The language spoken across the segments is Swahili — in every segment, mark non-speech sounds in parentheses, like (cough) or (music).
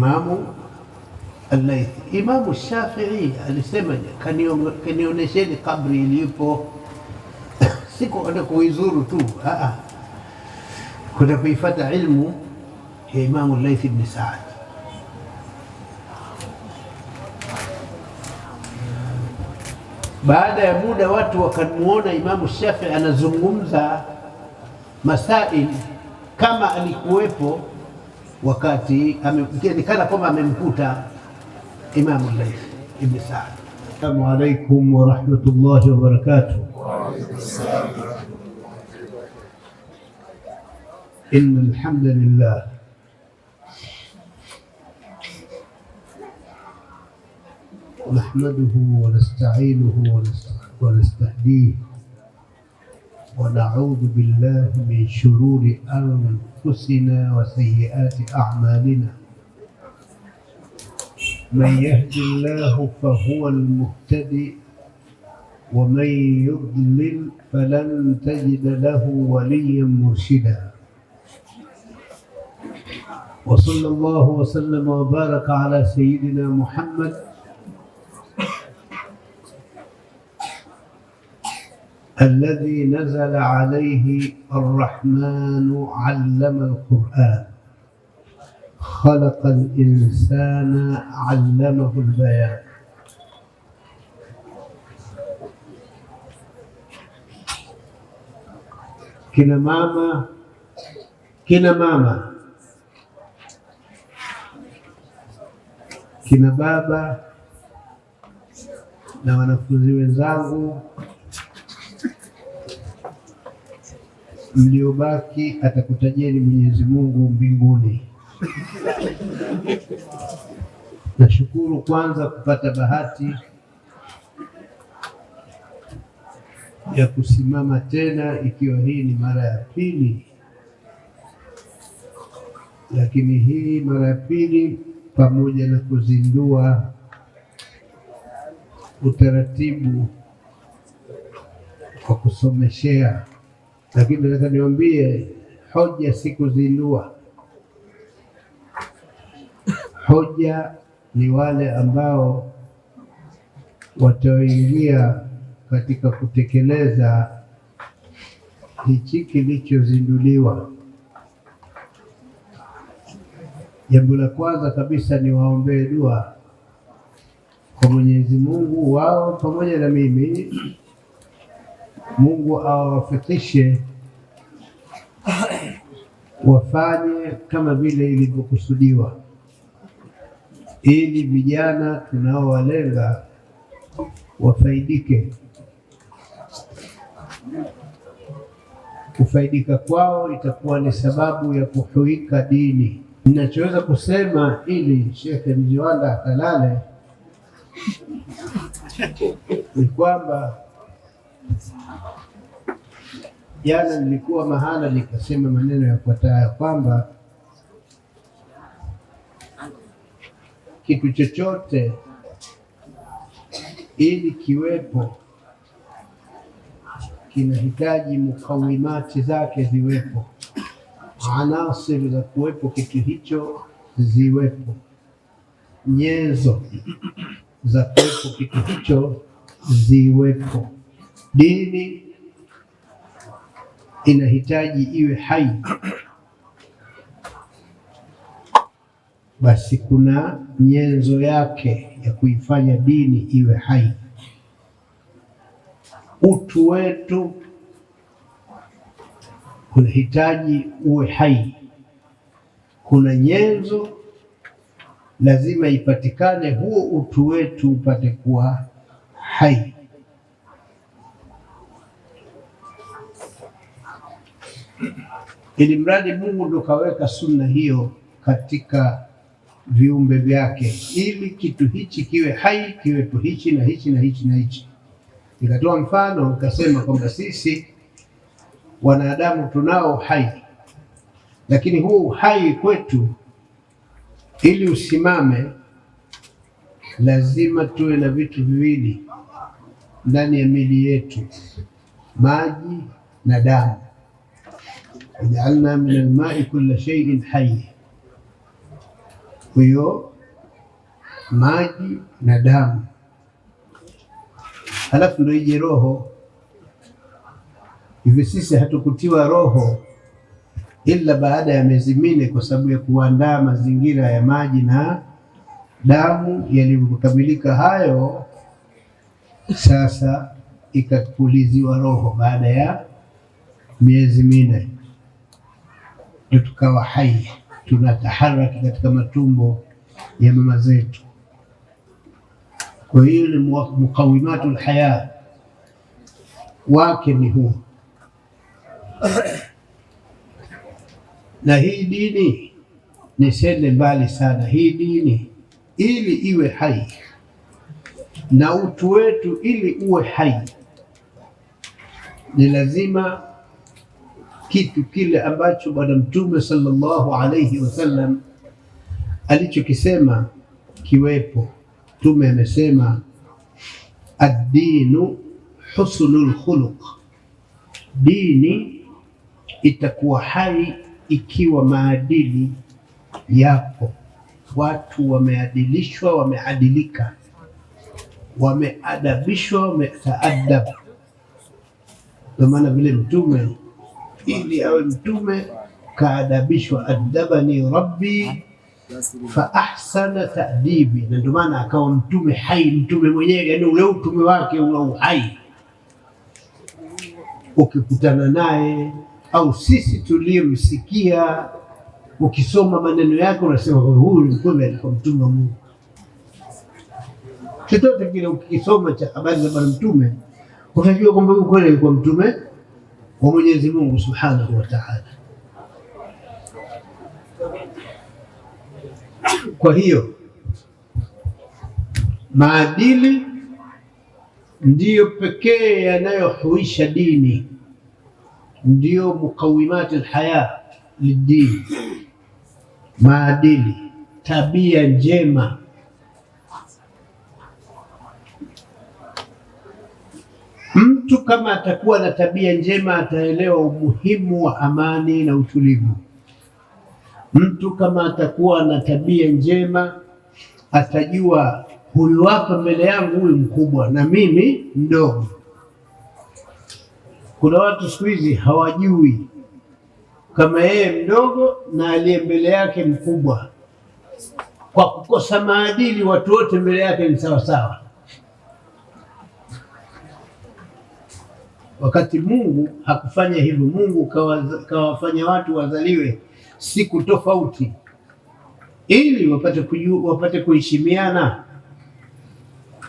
Imamu Al-Laythi, Imamu Shafii alisema, kanionesheni kabri ilipo, (coughs) Siku kwenda kuizuru tu, ah, ah. kwenda kuifata ilmu ya Imamu Al-Laythi ibn Saad. Baada ya muda watu wakamuona Imamu Shafii anazungumza masaili kama alikuwepo wakati ikionekana kwamba amemkuta Imamu Laith Ibni Saad. Assalamu alaikum warahmatullahi wabarakatuh. Inna alhamdulillah nahmaduhu wa nasta'inuhu ونعوذ بالله من شرور أنفسنا وسيئات أعمالنا من يهد الله فهو المهتدي ومن يضلل فلن تجد له وليا مرشدا وصلى الله وسلم وبارك على سيدنا محمد الذي نزل عليه الرحمن علم القرآن خلق الإنسان علمه البيان kina mama kina mama kina baba na wanafunzi wenzangu mliobaki atakutajeni Mwenyezi Mungu mbinguni. Nashukuru kwanza kupata bahati ya kusimama tena, ikiwa hii ni mara ya pili, lakini hii mara ya pili pamoja na kuzindua utaratibu wa kusomeshea lakini naweza niwambie hoja sikuzindua. Hoja ni wale ambao wataingia katika kutekeleza hichi kilichozinduliwa. Jambo la kwanza kabisa ni waombee dua kwa Mwenyezi Mungu wao pamoja na mimi Mungu awawafikishe wafanye kama vile ilivyokusudiwa, ili vijana tunaowalenga wafaidike. Kufaidika kwao itakuwa ni sababu ya kuhuika dini. Ninachoweza kusema ili Shekhe Mjiwanda akalale ni kwamba Jana nilikuwa mahala nikasema maneno yafuatayo kwamba kitu chochote ili kiwepo kinahitaji mukawimati zake ziwepo, anasiri za kuwepo kitu hicho ziwepo, nyenzo za kuwepo kitu hicho ziwepo. Dini inahitaji iwe hai, basi kuna nyenzo yake ya kuifanya dini iwe hai. Utu wetu unahitaji uwe hai. Kuna nyenzo lazima ipatikane, huo utu wetu upate kuwa hai. ili mradi Mungu ndo kaweka sunna hiyo katika viumbe vyake, ili kitu hichi kiwe hai, kiwepo hichi na hichi na hichi na hichi. Nikatoa mfano nikasema kwamba sisi wanadamu tunao hai, lakini huu hai kwetu ili usimame, lazima tuwe na vitu viwili ndani ya mili yetu, maji na damu wajaalna min almai kulla sheiin hayy, huyo maji na damu, halafu ndio ije roho. Hivyo sisi hatukutiwa roho ila baada ya miezi minne, kwa sababu ya kuandaa mazingira ya maji na damu. Yalivyokamilika hayo, sasa ikapuliziwa roho baada ya miezi minne ndio tukawa hai, tunataharaki katika matumbo ya mama zetu. Kwa hiyo ni mukawimatu lhaya wake ni huo na hii dini nisende mbali sana. Hii dini ili iwe hai na utu wetu ili uwe hai, ni lazima kitu kile ambacho Bwana Mtume sallallahu alaihi wasallam alichokisema kiwepo. Mtume amesema ad-dinu husnul khuluq, dini itakuwa hai ikiwa maadili yapo, watu wameadilishwa, wameadilika, wameadabishwa, wametaadab. Ndio maana vile mtume ili awe mtume kaadabishwa, adabani rabbi fa ahsana taadibi, na ndio maana akawa mtume hai, mtume mwenyewe, yaani ule utume wake una uhai. Ukikutana naye au sisi tuliyemsikia, ukisoma maneno yake unasema kwamba huyu ni kweli alikuwa mtume wa Mungu. Chochote kile ukisoma cha habari za bwana mtume utajua kwamba huyu kweli alikuwa mtume wa Mwenyezi Mungu Subhanahu wa Ta'ala. Kwa hiyo maadili ndiyo pekee yanayohuisha dini, ndiyo mukawimati alhaya lidini, maadili, tabia njema mtu kama atakuwa na tabia njema ataelewa umuhimu wa amani na utulivu. Mtu kama atakuwa na tabia njema atajua huyu hapa mbele yangu, huyu mkubwa na mimi mdogo. Kuna watu siku hizi hawajui kama yeye mdogo na aliye mbele yake mkubwa. Kwa kukosa maadili, watu wote mbele yake ni sawasawa. wakati Mungu hakufanya hivyo. Mungu kawafanya watu wazaliwe siku tofauti ili wapate kuju, wapate kuheshimiana,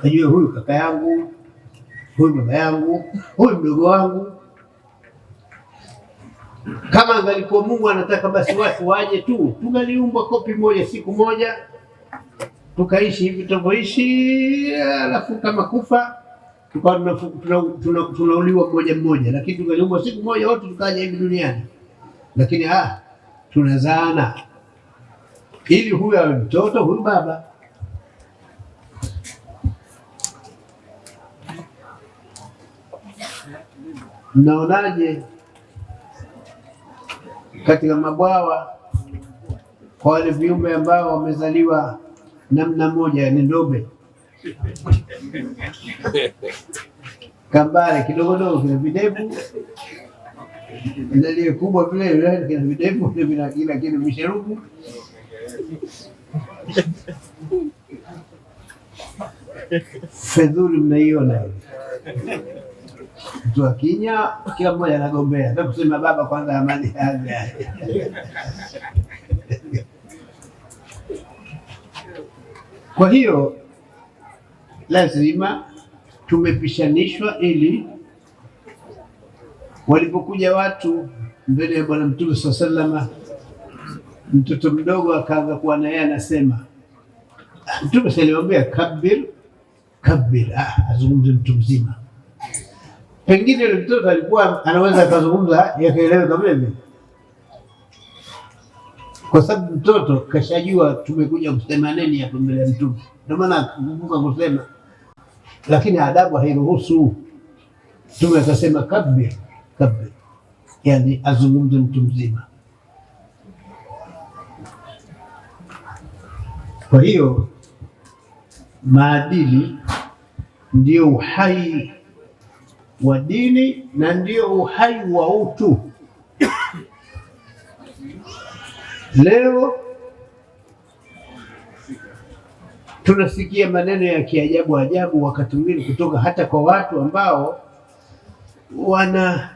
ajue huyu kaka yangu, huyu baba yangu, huyu mdogo wangu. Kama angalikuwa Mungu anataka basi watu waje tu, tungaliumbwa kopi moja siku moja tukaishi hivi tunavyoishi, alafu kama kufa tukawa tunauliwa tuna, tuna mmoja mmoja, lakini tukaliumbwa siku moja wote tukaja hivi duniani, lakini ah, tunazaana ili huyu awe mtoto huyu baba. Mnaonaje katika mabwawa kwa wale viumbe ambao wamezaliwa namna moja, ni ndobe (laughs) Kambale kidogodogo kina videvu nalie kubwa vile yaani kina videvu lakini misheruku fedhuli mnaiona tua kinya, kila mmoja anagombea kusema baba kwanza, amani kwa hiyo lazima tumepishanishwa, ili walipokuja watu mbele ya Bwana Mtume sallallahu alaihi mtoto mdogo akaanza kuwa na yeye anasema, ah, Mtume aliwaambia kabir kabir, ah, azungumze mtu mzima. Pengine yule mtoto alikuwa anaweza akazungumza yakaeleweka vile vile, kwa sababu mtoto kashajua tumekuja kusema nini hapo mbele ya Mtume, ndio maana kukumbuka kusema lakini adabu hairuhusu. Mtume akasema kabir kabir, yani azungumze mtu mzima. Kwa hiyo maadili ndio uhai wa dini na ndio uhai wa utu leo tunasikia maneno ya kiajabu ajabu wakati mwingine kutoka hata kwa watu ambao wana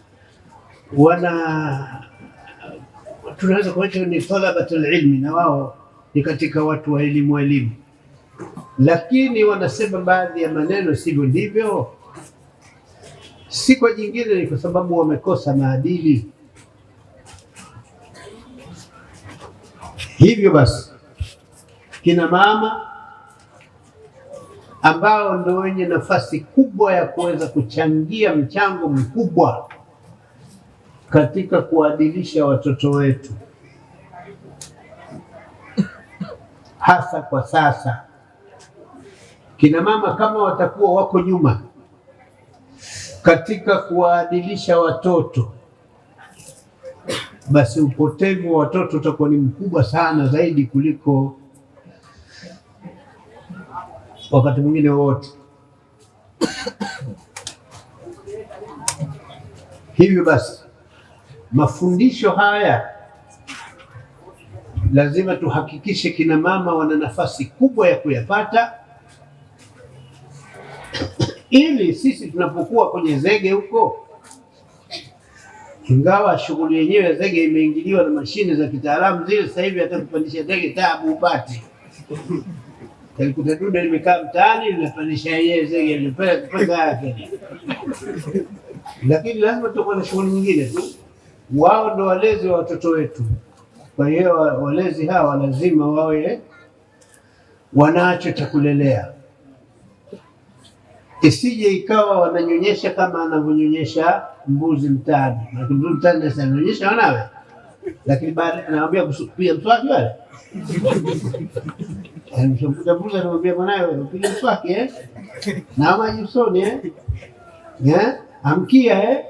(coughs) wana tunaweza kuacha ni talabatul ilmi, na wao ni katika watu wa elimu elimu, lakini wanasema baadhi ya maneno sivyo ndivyo. Si kwa jingine, ni kwa sababu wamekosa maadili. Hivyo basi kina mama ambao ndio wenye nafasi kubwa ya kuweza kuchangia mchango mkubwa katika kuadilisha watoto wetu, hasa kwa sasa. Kina mama kama watakuwa wako nyuma katika kuwaadilisha watoto, basi upotevu wa watoto utakuwa ni mkubwa sana zaidi kuliko wakati mwingine wote. Hivyo basi mafundisho haya lazima tuhakikishe kina mama wana nafasi kubwa ya kuyapata, ili sisi tunapokuwa kwenye zege huko, ingawa shughuli yenyewe ya zege imeingiliwa na mashine za kitaalamu zile, sasa hivi hata kupandisha zege taabu upate Nilikuta duda limekaa mtaani linapandisha yeye zege linapanda yake, lakini lazima tutakuwa na shughuli nyingine tu. Wao ndo walezi wa watoto wetu, kwa hiyo walezi hawa lazima wawe wanacho cha kulelea, isije ikawa wananyonyesha kama anavyonyonyesha mbuzi mtaani. Mbuzi mtaani ananyonyesha wanawe, lakini baada anawambia pia mswaki wale Mshambuzabuza anamwambia mwanawe, upige mswaki eh, na maji usoni eh, amkia eh?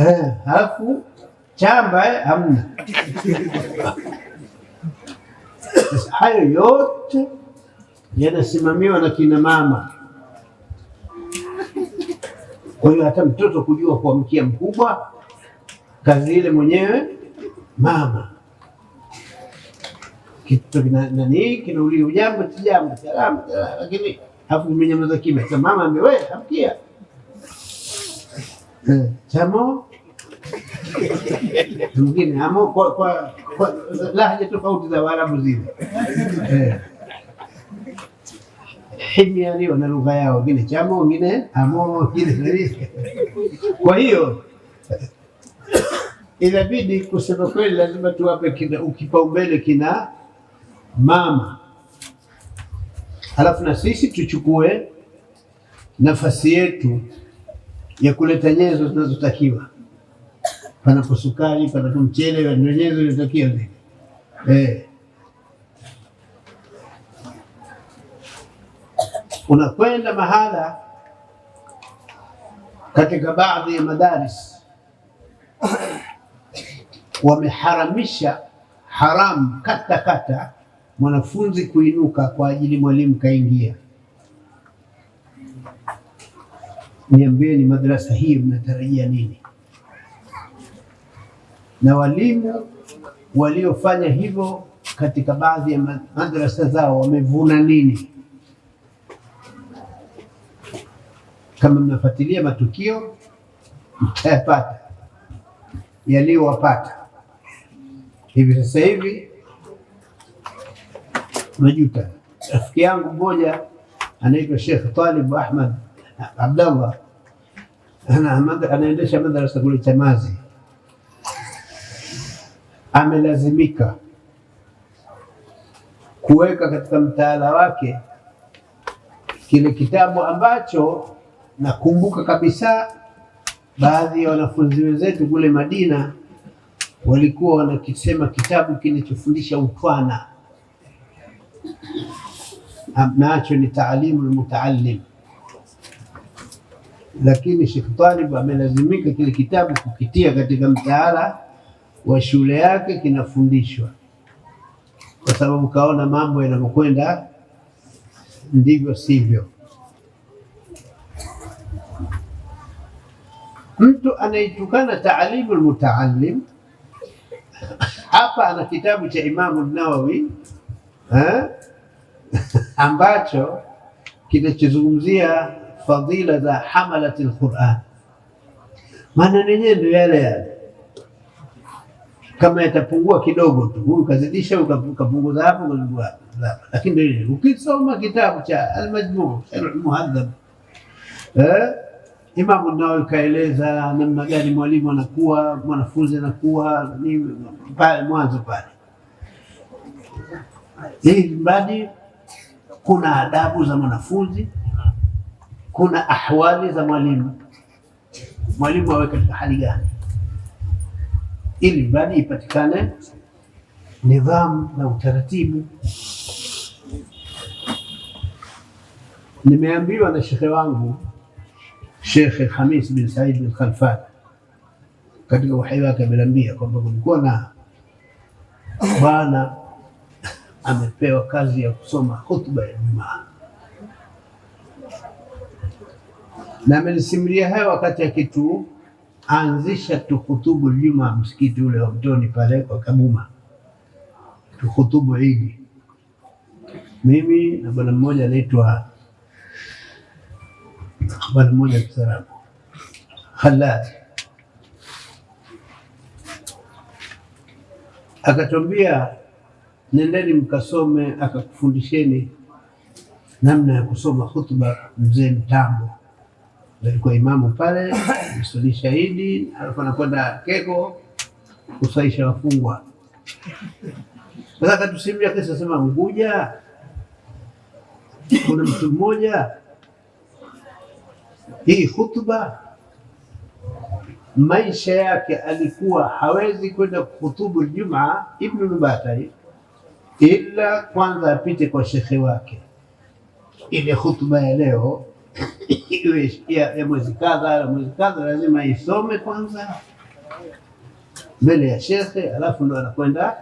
eh, halafu chamba eh, hamna. Hayo yote yanasimamiwa na kina mama. Kwa hiyo hata mtoto kujua kuamkia mkubwa, kazi ile mwenyewe mama kitu kina nani kinauliza ujambo si salama lakini hapo mmenyamaza kimya. Sasa mama amewe amkia eh. chamo mwingine amo kwa, kwa, kwa tofauti za Waarabu zile eh. himiani wana lugha yao, wengine chamo, wengine amo, wengine kwa hiyo inabidi kusema kweli, lazima tuwape kipaumbele kina mama, halafu na sisi tuchukue nafasi yetu ya kuleta nyenzo zinazotakiwa. Panapo sukari, panapo mchele, ndio nyenzo zinazotakiwa eh. Unakwenda mahala katika baadhi ya madaris wameharamisha haramu kata kata mwanafunzi kuinuka kwa ajili mwalimu kaingia. Niambieni, madrasa hii mnatarajia nini? Na walimu waliofanya hivyo katika baadhi ya madrasa zao wamevuna nini? Kama mnafuatilia matukio, mtayapata yaliyowapata hivi sasa hivi Najuta. Rafiki yangu mmoja anaitwa Sheikh Talib Ahmad Abdallah, anaendesha madrasa kule Chamazi. Amelazimika kuweka katika mtaala wake kile kitabu ambacho nakumbuka kabisa baadhi ya wanafunzi wenzetu kule Madina walikuwa wanakisema kitabu kinachofundisha utwana nacho ni taalimu lmutaalim Lakini Sheikh Talib amelazimika kile kitabu kukitia katika mtaala wa shule yake, kinafundishwa kwa sababu kaona mambo yanavyokwenda ndivyo sivyo. Mtu anaitukana taalimu lmutaalim hapa ana kitabu cha Imamu Nawawi eh? (laughs) ambacho kinachozungumzia fadhila za hamalat lquran Maana yenyewe ndio yale yale, kama yatapungua kidogo tu, huyu kazidisha, huyu kapunguza hapo, lakini ukisoma kitabu cha Almajmuu Sharh eh, Imamu Nawawi kaeleza namna gani mwalimu anakuwa, mwanafunzi anakuwa pale mwanzo pale ili mradi kuna adabu za mwanafunzi, kuna ahwali za mwalimu, mwalimu awe katika hali gani, ili mradi ipatikane nidhamu na utaratibu. Nimeambiwa na shekhe wangu Shekhe Hamis bin Said bin Khalfan katika uhai wake ameniambia kwamba kulikuwa na bwana amepewa kazi ya kusoma hotuba ya Jumaa na amenisimulia hayo wakati akituanzisha tukutubu Jumaa msikiti ule wa Mtoni pale kwa Kabuma, tukutubu Idi, mimi na bwana mmoja anaitwa bwana mmoja kisarabu Halad akatwambia nendeni mkasome, akakufundisheni namna ya kusoma hutuba. Mzee Mtambo alikuwa imamu pale (coughs) msali shahidi, alikuwa anakwenda Keko kusaisha wafungwa. Sasa katusimulia kesi, asema Unguja kuna mtu mmoja, hii hutuba maisha yake alikuwa hawezi kwenda kuhutubu Ijumaa, Ibnu Nubatari ila kwanza apite kwa shekhe wake. Ile hutuba ya leo iwe ya mwezi kadha mwezi kadha, lazima isome kwanza mbele ya shekhe, alafu ndo anakwenda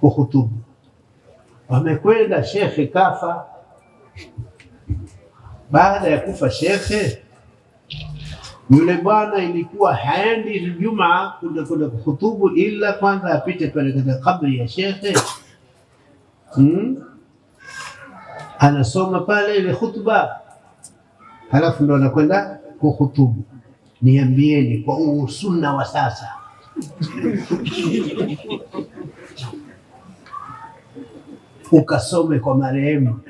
kuhutubu. Wamekwenda shekhe kafa. Baada ya kufa shekhe yule bwana ilikuwa haendi juma kuenda kwenda kuhutubu, ila kwanza apite pale katika kabri ya shekhe hmm? Anasoma pale ile khutba, halafu ndo anakwenda kuhutubu. Niambieni kwa huu sunna wa sasa (laughs) ukasome kwa marehemu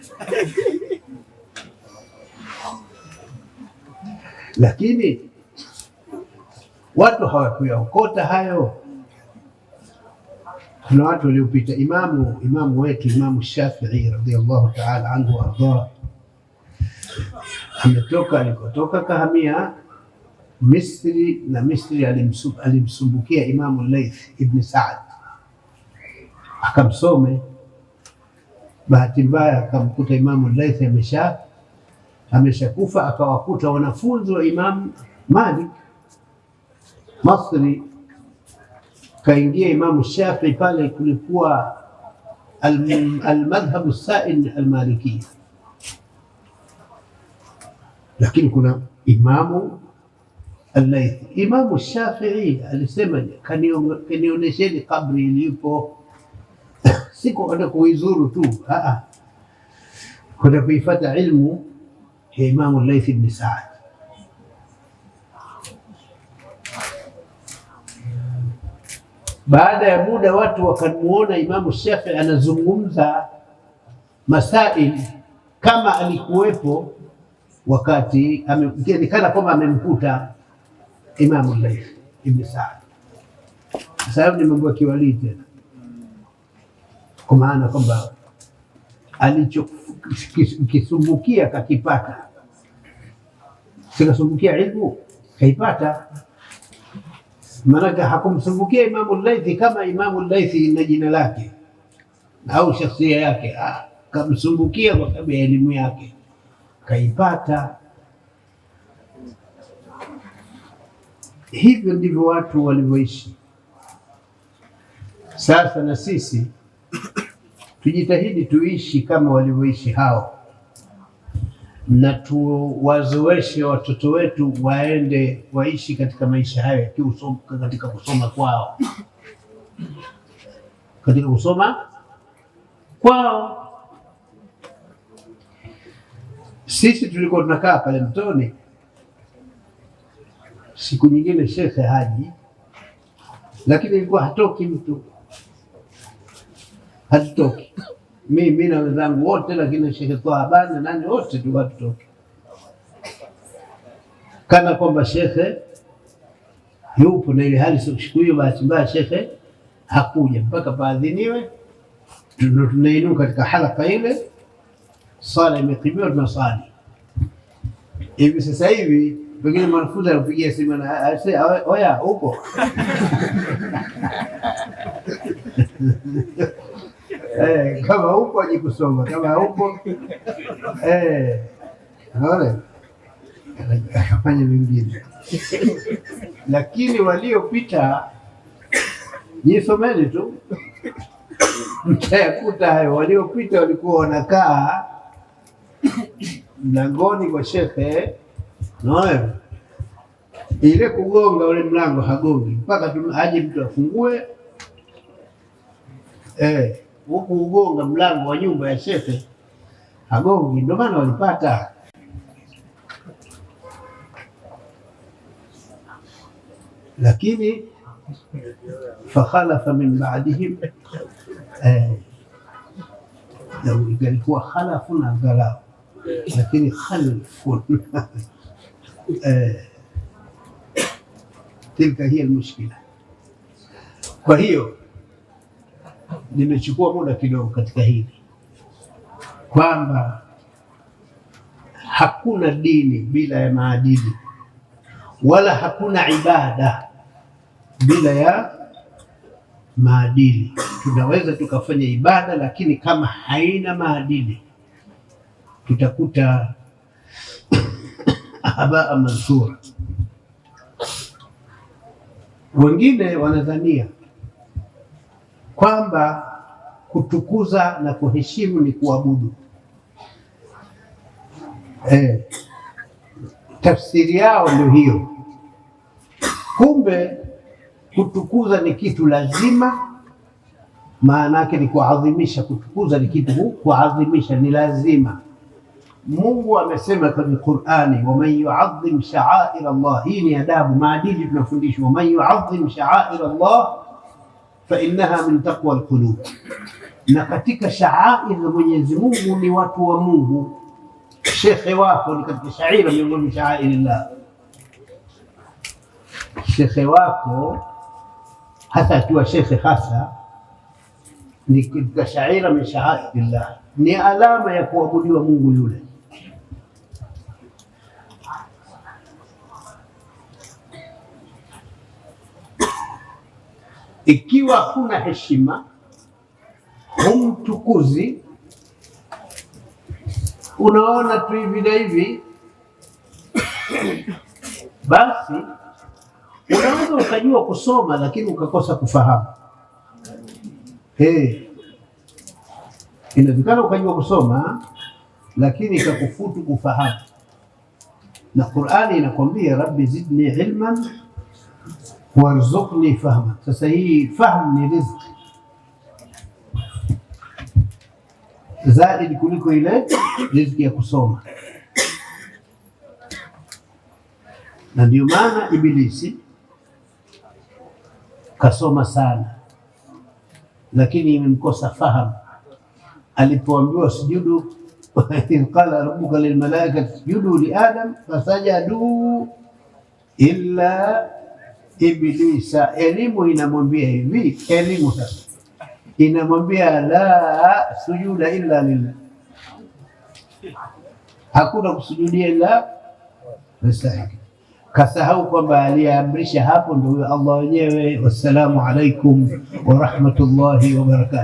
lakini watu hawakuyaokota hayo. Kuna watu waliopita, imamu imamu wetu Imamu Shafii radhiallahu taala anhu waardah, ametoka alikotoka kahamia Misri, na Misri alimsumbukia Imamu Laith ibni Saad akamsome. Bahati mbaya akamkuta Imamu Laith amesha ameshakufa, akawakuta wanafunzi wa Imam Malik Masri, kaingia Imamu Shafii pale, kulikuwa almadhhabu sail almalikia, lakini kuna imamu al Imamu Shafii alisema kanionesheni kabri ilipo, (coughs) siku kuizuru tu, kwenda kuifata ilmu ya Imamu Laith ibn Saad. Baada ya muda watu wakamuona Imamu Shafii anazungumza masail kama alikuwepo wakati ikionekana kwamba amemkuta Imamu Laith ibn Saad, kwa sababu ni mambo ya kiwalii tena, kwa maana kwamba alichokisumbukia kakipata sinasumbukia ilmu kaipata. Maanake hakumsumbukia Imamu Laithi kama Imamu Laithi na jina lake au shakhsia yake, kamsumbukia kwa sababu ya elimu yake kaipata. Hivyo ndivyo watu walivyoishi. Sasa na sisi tujitahidi tuishi kama walivyoishi hao na tuwazoeshe watoto wetu waende waishi katika maisha hayo ya katika kusoma kwao, katika kusoma kwao. Sisi tulikuwa tunakaa pale Mtoni. Siku nyingine shekhe haji, lakini ilikuwa hatoki mtu, hatutoki mimi na wenzangu wote, lakini Sheikh Twaha na nani wote tuwatutoke, kana kwamba shekhe yupo na ile hali siku hiyo. Bahati mbaya shekhe hakuja mpaka paadhiniwe, ndio tunainuka katika halaka ile, sala imekimiwa, tunasali hivi sasa hivi pengine mwanafunzi anapigia simu na oya, upo (laughs) eh, kama upo aje kusoma, kama upo eh, naona akafanya mingine, lakini waliopita jisomeni tu mtayakuta hayo. Waliopita walikuwa wanakaa mlangoni kwa shehe, naona ile kugonga ule mlango hagongi mpaka aje mtu afungue eh hukuugonga mlango wa nyumba ya shehe agongi, ndio maana walipata. Lakini fakhalafa min baadihim eh, yaani khalafu na angalau, lakini khalfun (laughs) eh, tilka hiya lmushkila Kwa hiyo nimechukua muda kidogo katika hili kwamba hakuna dini bila ya maadili wala hakuna ibada bila ya maadili. Tunaweza tukafanya ibada, lakini kama haina maadili tutakuta habaa (coughs) mansura. Wengine wanadhania kwamba kutukuza na kuheshimu ni kuabudu. E, tafsiri yao ndio hiyo. Kumbe kutukuza ni kitu lazima, maana yake ni kuadhimisha. Kutukuza ni kitu kuadhimisha, ni lazima. Mungu amesema kwenye Qur'ani, waman yuadhim sha'air Allah. Hii ni adabu, maadili tunafundishwa. Waman yuadhim sha'air Allah fainnaha min taqwa alqulub, na katika shaair za Mwenyezi Mungu ni watu wa Mungu. Shekhe wako ni katika shaira miongoni shaairillah. Shekhe wako hasa akiwa shekhe hasa ni katika shaira min shaair llah, ni alama ya kuabudiwa Mungu yule Ikiwa huna heshima, humtukuzi, unaona tu hivi na hivi, basi unaweza ukajua kusoma lakini ukakosa kufahamu. Hey, inawezekana ukajua kusoma lakini ikakufutu kufahamu, na Qur'ani inakwambia rabbi zidni ilman warzuqni fahma. Sasa hii fahamu ni riziki zaidi kuliko ile riziki ya kusoma, na ndio maana Ibilisi kasoma sana, lakini imemkosa fahamu. Alipoambiwa sujudu (laughs) idh qala rabbuka lilmalaikati sujudu li adam fasajaduu illa Ibilisa, elimu inamwambia hivi, elimu sasa inamwambia la sujuda illa lillah, hakuna kusujudia ila mustahiki. Kasahau kwamba aliyeamrisha hapo ndio Allah wenyewe. Wassalamu alaikum warahmatullahi wabarakatuh.